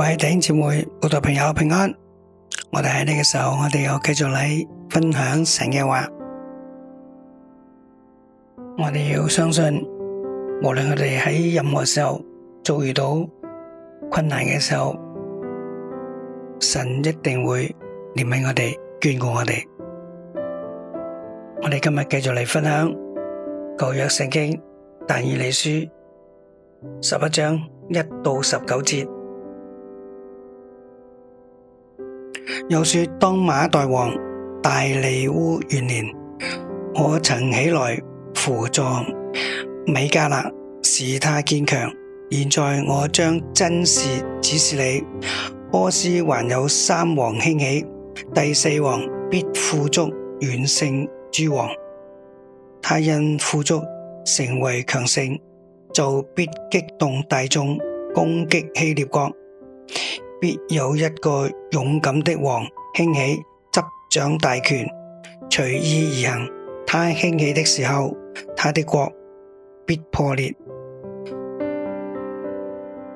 各位弟兄姊妹，基督朋友平安。我哋喺呢個時候，我哋又繼續嚟分享神嘅話。我哋要相信，無論我哋喺任何時候遭遇到困難嘅時候，神一定會憐憫我哋，眷顧我哋。我哋今日繼續嚟分享舊約聖經但以理書十一章一到十九節。又說：當馬代王大利烏元年，我曾起來扶助米迦勒，使他堅強。現在我將真事指示你。波斯還有三王興起，第四王必富足，遠勝諸王。他因富足成為強盛，就必激動大眾攻擊希臘國。必有一個勇敢的王興起執掌大權，隨意而行。他興起的時候，他的國必破裂。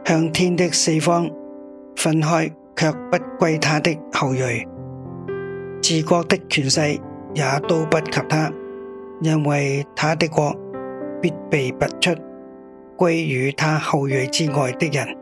向天的四方分開，卻不歸他的後裔。治國的權勢也都不及他，因為他的國必被拔出，歸與他後裔之外的人。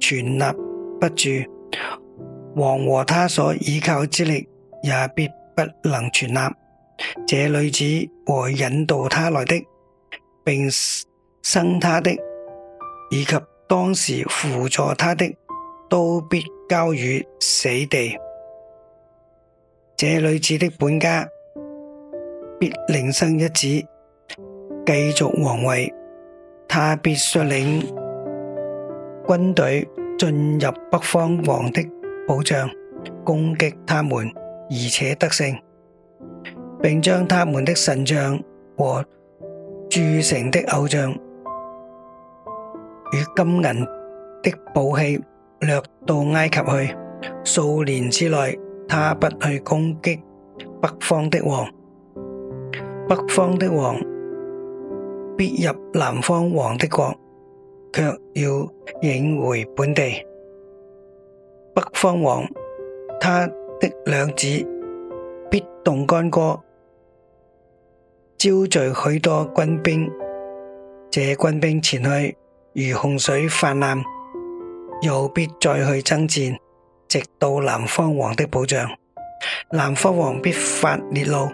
存立不住，王和他所倚靠之力也必不能存立。這女子和引導他來的，並生他的，以及當時輔助他的，都必交與死地。這女子的本家必另生一子，繼續王位。他必率領。軍隊進入北方王的保障，攻擊他們，而且得勝。並將他們的神像和鑄成的偶像與金銀的寶器掠到埃及去，數年之內他不去攻擊北方的王。北方的王，必入南方王的國，卻要引回本地。北方王他的兩子必動干戈，招聚許多軍兵。這軍兵前去，如洪水泛濫，又必再去爭戰，直到南方王的保障。南方王必發烈怒，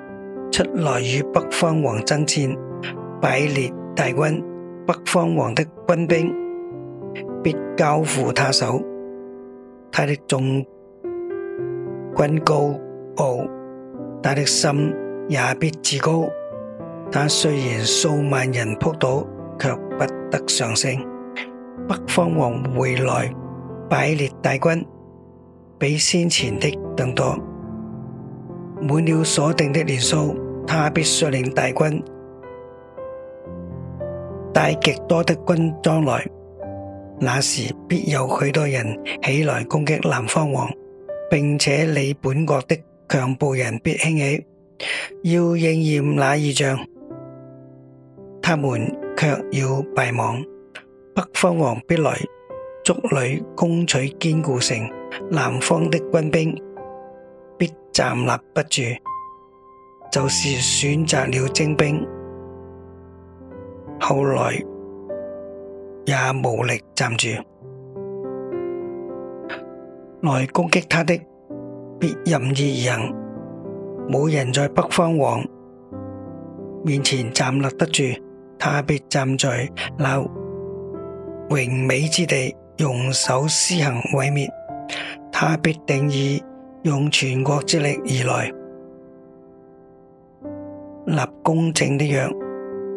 出來與北方王爭戰，擺列大軍。北方王的軍兵必交付他手，他的眾軍高傲，他的心也必自高。他雖然數萬人撲倒，卻不得上升。北方王回來擺列大軍，比先前的更多，滿了所定的年數，他必率領大軍。帶極多的軍裝來，那時必有許多人起來攻擊南方王，並且你本國的強暴人必興起，要應驗那異象。他們却要敗亡，北方王必來築壘攻取堅固城，南方的軍兵必站立不住。就是選擇了精兵。後來也無力站住，來攻擊他的必任意而行，冇人在北方王面前站立得住，他必站在那榮美之地，用手施行毀滅，他必定意用全國之力而來立公正的約。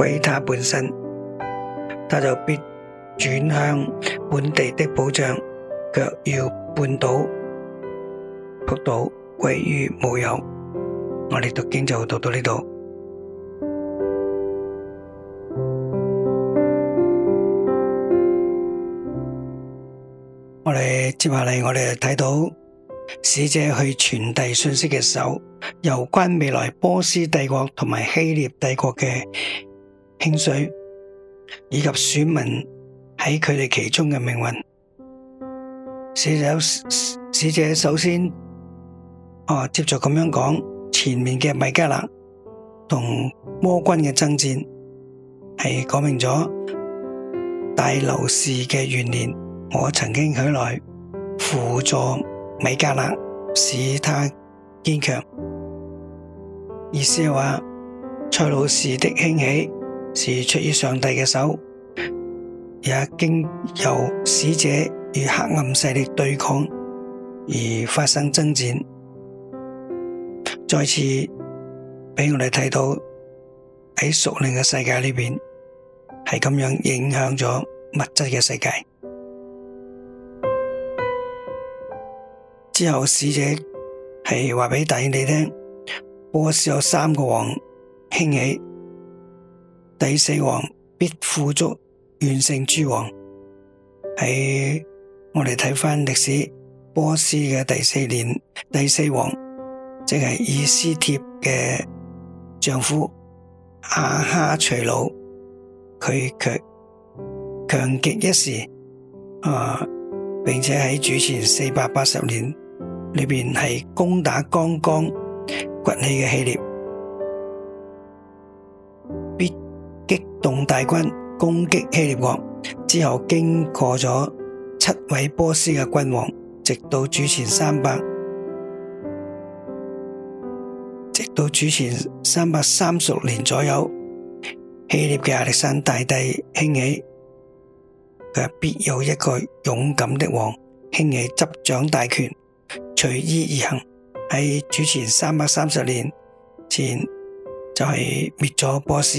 歸他本身，他就必轉向本地的保障，腳要絆倒，仆倒，歸於無有。我哋讀經就讀到呢度。我哋接下嚟，我哋睇到使者去傳遞信息嘅時候，有關未來波斯帝國同埋希臘帝國嘅。興衰以及選民喺佢哋其中嘅命運，使者使者首先、哦、接着咁樣講前面嘅米迦勒同魔君嘅爭戰，係講明咗大路士嘅元年，我曾經許來輔助米迦勒，使他堅強，意思係話蔡老士的興起。是出於上帝嘅手，也經由使者與黑暗勢力對抗而發生爭戰，再次俾我哋睇到喺屬靈嘅世界裏邊係咁樣影響咗物質嘅世界。之後使者係話俾大兄你聽，波斯有三個王興起。第四王必富足，遠勝諸王。喺我哋睇翻歷史，波斯嘅第四年，第四王即係以斯帖嘅丈夫亞哈隨魯，佢強強極一時，啊，並且喺主前四百八十年裏邊係攻打剛剛崛起嘅希臘。動大軍攻擊希臘王，之後經過咗七位波斯嘅君王，直到主前三百，直到主前三百三十年左右，希臘嘅亞歷山大帝興起，佢必有一個勇敢的王興起執掌大權，隨意而行，喺主前三百三十年前就係滅咗波斯。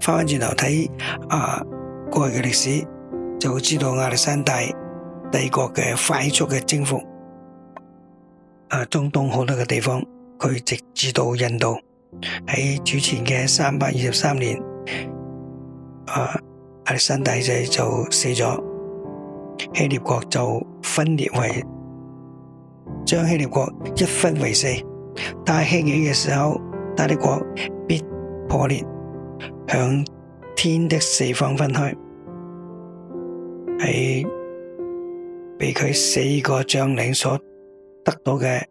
翻翻轉頭睇啊，過去嘅歷史就會知道亞歷山大帝國嘅快速嘅征服啊，中東好多嘅地方，佢直至到印度，喺主前嘅三百二十三年啊，亞歷山大就就死咗，希臘國就分裂為，將希臘國一分為四，大興起嘅時候，大帝國必破裂。向天的四方分開，被佢四個將領所得到嘅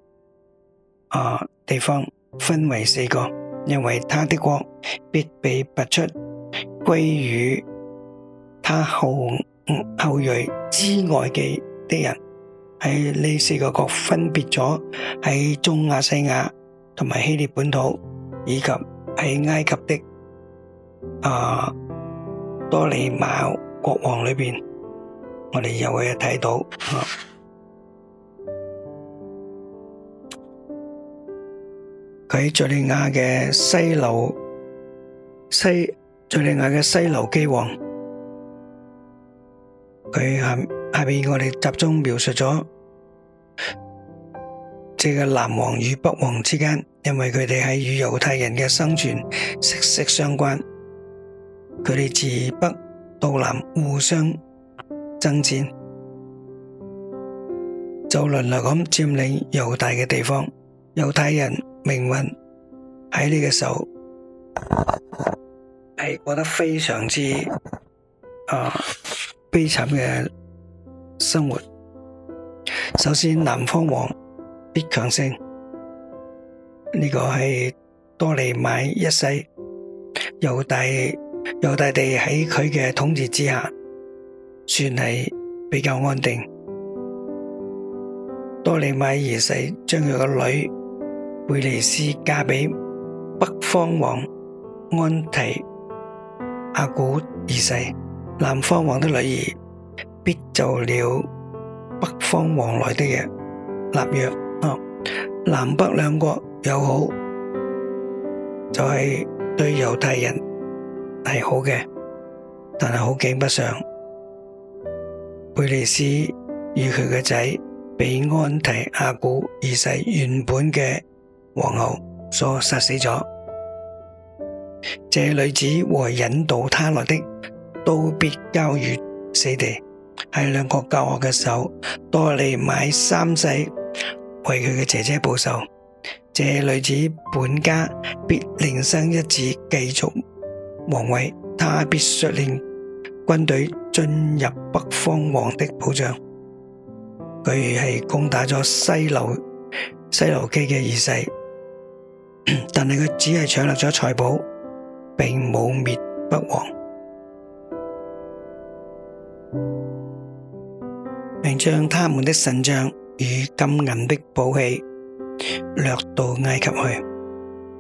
啊地方分為四個，因為他的國必被拔出，歸於他後後裔之外嘅的人，喺呢四個國分別咗喺中亞西亞、同埋希臘本土以及喺埃及的。啊，多利馬國王裏邊，我哋又會睇到佢喺敘、啊、利亞嘅西流西敘利亞嘅西流基王，佢下下邊我哋集中描述咗即係個南王與北王之間，因為佢哋喺與猶太人嘅生存息息相關。佢哋自北到南互相爭戰，就輪流咁佔領猶大嘅地方。猶太人命運喺呢個時候係過得非常之啊悲慘嘅生活。首先，南方王必強盛，呢、這個係多利買一世猶大。猶大地喺佢嘅統治之下，算係比較安定。多利米二世將佢個女貝尼斯嫁俾北方王安提阿古二世，南方王的女兒必做了北方王來的嘢，立約啊，南北兩國友好，就係、是、對猶太人。係好嘅，但係好景不上。佩利斯與佢嘅仔被安提阿古二世原本嘅皇后所殺死咗。這女子和引導他來的都必交於死地。喺兩國教學嘅手，多利買三世為佢嘅姐姐報仇。這女子本家必另生一子，繼續。王位，他必率領軍隊進入北方王的保障。佢係攻打咗西流西流基嘅二世，但係佢只係搶落咗財寶，並冇滅北王，並將他們的神像與金銀的寶器掠到埃及去。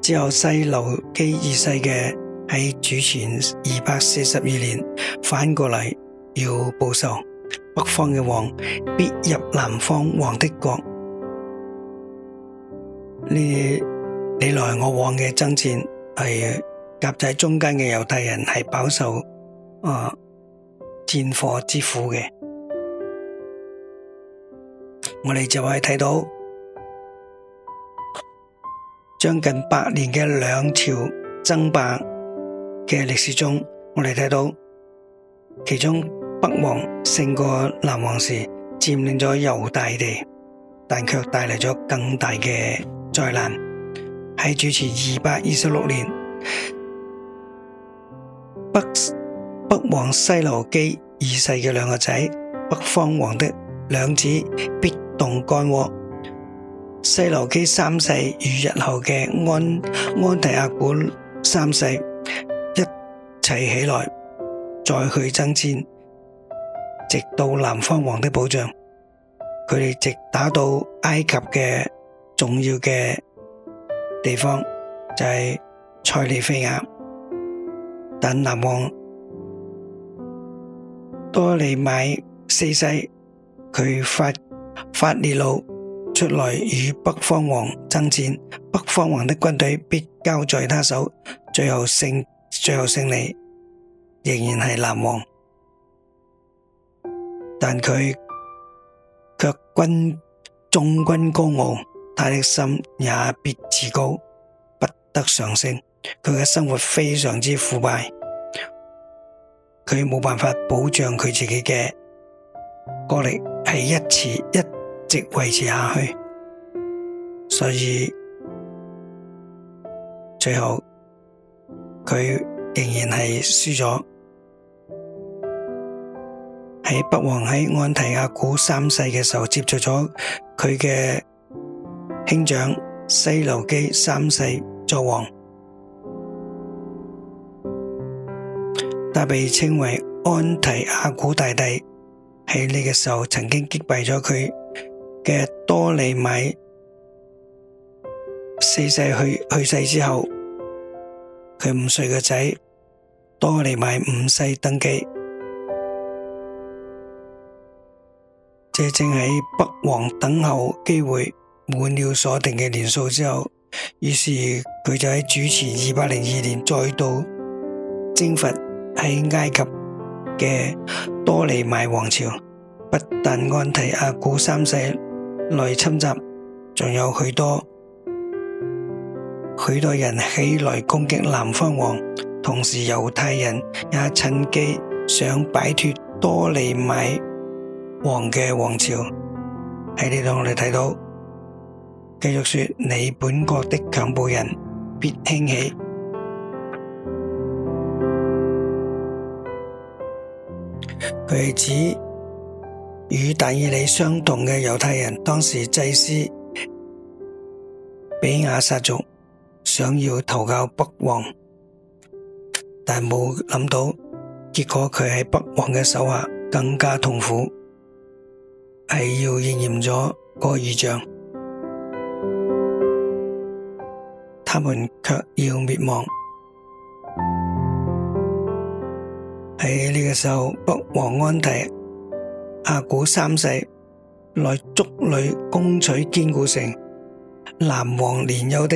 之後西流基二世嘅。喺主前二百四十二年，返過嚟要報仇。北方嘅王必入南方王的國。呢你，你來我往嘅爭戰，係夾在中間嘅猶太人係飽受啊戰火之苦嘅。我哋就可以睇到將近百年嘅兩朝爭霸。嘅歷史中，我哋睇到其中北王勝過南王時，佔領咗猶大地，但卻帶嚟咗更大嘅災難。喺主持二百二十六年，北北王西羅基二世嘅兩個仔，北方王的兩子，必動干戈。西羅基三世與日後嘅安安提阿古三世。齊起來再去爭戰，直到南方王的保障，佢哋直打到埃及嘅重要嘅地方，就係、是、塞利菲亞。等南王多利米四世佢發烈怒，出來與北方王爭戰，北方王的軍隊必交在他手，最後勝。最後勝利仍然係南王，但佢卻軍眾軍高傲，他的心也必自高，不得上升。佢嘅生活非常之腐敗，佢冇辦法保障佢自己嘅國力係一次一直維持下去，所以最後。佢仍然係輸咗，喺北王喺安提阿古三世嘅時候，接觸咗佢嘅兄長西琉基三世作王，但被稱為安提阿古大帝，喺呢個時候曾經擊敗咗佢嘅多利米四世去去世之後。佢五歲嘅仔多利邁五世登基，這正喺北王等候機會滿了鎖定嘅年數之後，於是佢就喺主持二百零二年再度征服喺埃及嘅多利邁王朝，不但安提阿古三世來侵襲，仲有許多。許多人起來攻擊南方王，同時猶太人也趁機想擺脫多利米王嘅王朝。喺呢度我哋睇到，繼續說你本國的強暴人必興起。佢指與但以理相同嘅猶太人，當時祭司比亞薩族。想要投靠北王，但係冇諗到，結果佢喺北王嘅手下更加痛苦，係要應驗咗個異象，他們卻要滅亡。喺呢個時候，北王安提阿古三世來築壘攻取堅固城，南王年幼的。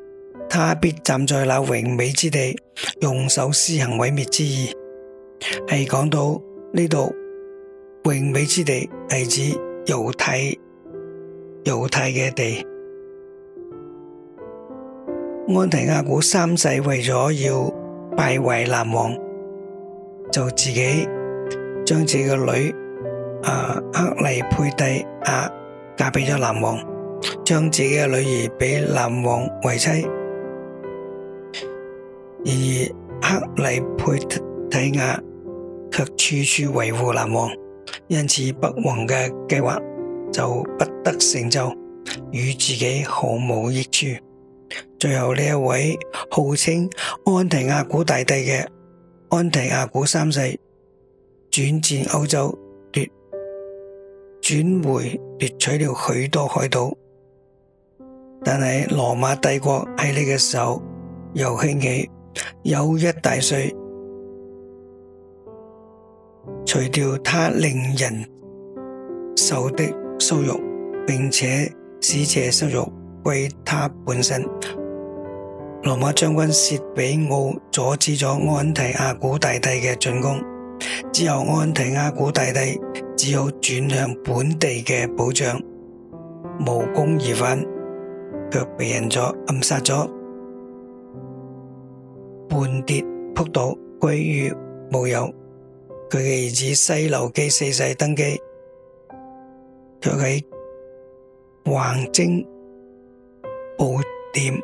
他必站在那榮美之地，用手施行毀滅之意。係講到呢度榮美之地係指猶太、猶太嘅地。安提亞古三世為咗要敗壞南王，就自己將自己嘅女阿、啊、克利佩蒂亞嫁俾咗南王，將自己嘅女兒俾南王為妻。而克里佩提亞卻處處維護南王，因此北王嘅計劃就不得成就，與自己毫無益處。最後呢一位號稱安提亞古大帝嘅安提亞古三世，轉戰歐洲奪轉回奪取了許多海島，但係羅馬帝國喺呢個時候又興起。有一大歲，除掉他令人受的羞辱，並且使者羞辱歸他本身。羅馬將軍薛比奧阻止咗安提阿古大帝嘅進攻，之後安提阿古大帝只好轉向本地嘅保障，無功而返，卻被人咗暗殺咗。半跌扑倒，歸於無有。佢嘅兒子西流基四世登基，卻喺橫徵暴斂，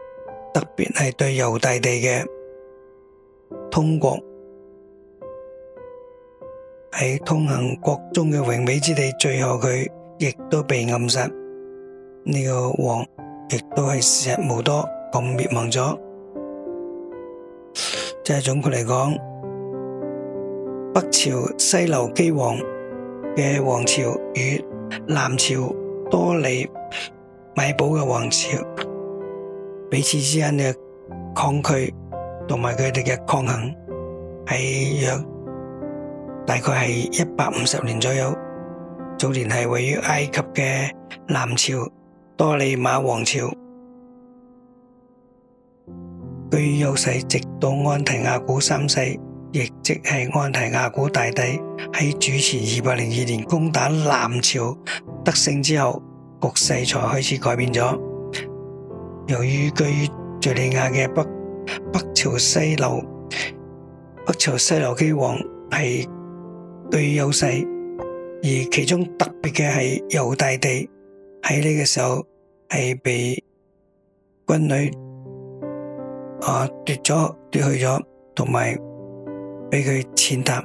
特別係對猶大地嘅通國，喺通行國中嘅榮美之地，最後佢亦都被暗殺。呢個王亦都係時日無多，咁滅亡咗。即係總括嚟講，北朝西流基王嘅王朝與南朝多利米堡嘅王朝彼此之間嘅抗拒同埋佢哋嘅抗衡，喺約大概係一百五十年左右。早年係位於埃及嘅南朝多利馬王朝。據有勢直到安提亞古三世，亦即係安提亞古大帝喺主持二百零二年攻打南朝得勝之後，局勢才開始改變咗。由於居於敘利亞嘅北北朝西流北朝西流基王係據有勢，而其中特別嘅係猶大地喺呢個時候係被軍隊。啊！跌咗跌去咗，同埋俾佢踐踏，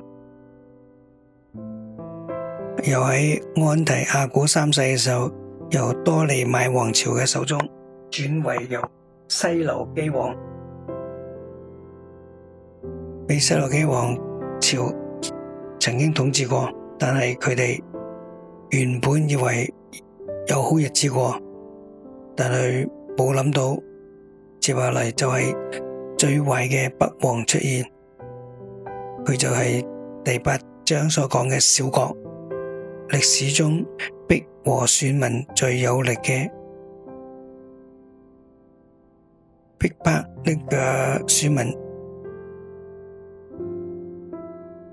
又喺安提阿古三世嘅時候，由多利買王朝嘅手中轉為由西流基王，俾西流基王朝曾經統治過，但係佢哋原本以為有好日子過，但係冇諗到。接下嚟就係最壞嘅北王出現，佢就係第八章所講嘅小國，歷史中逼和選民最有力嘅逼迫呢個選民，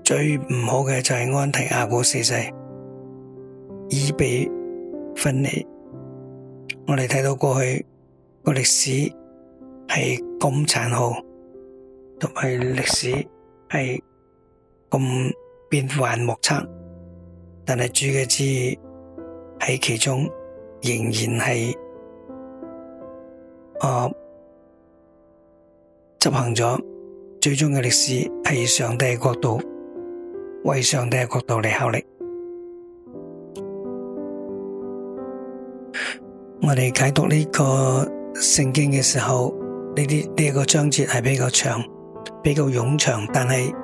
最唔好嘅就係安提阿古四世已被分離，我哋睇到過去個歷史。係咁殘酷，同埋歷史係咁變幻莫測，但係主嘅旨意喺其中，仍然係啊執行咗最終嘅歷史，係上帝嘅角度，為上帝嘅角度嚟效力。我哋解讀呢個聖經嘅時候。呢啲呢個章節係比較長，比較冗長，但係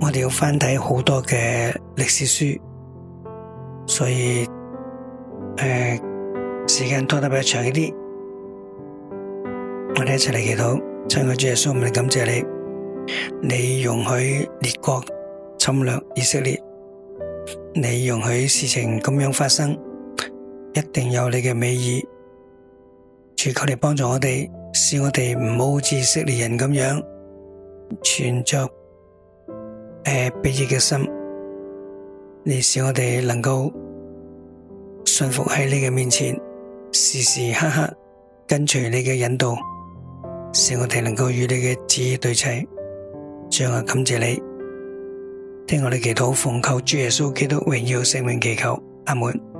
我哋要翻睇好多嘅歷史書，所以誒、呃、時間拖得比較長一啲。我哋一齊嚟祈禱，親愛的主耶穌，我哋感謝你，你容許列國侵略以色列，你容許事情咁樣發生，一定有你嘅美意，求求你幫助我哋。使我哋唔好似以色列人咁樣存着誒卑劣嘅心，你使我哋能夠信服喺你嘅面前，時時刻刻跟隨你嘅引導，使我哋能夠與你嘅旨意對齊。最後感謝你，聽我哋祈禱，奉求主耶穌基督榮耀聖名祈求阿門。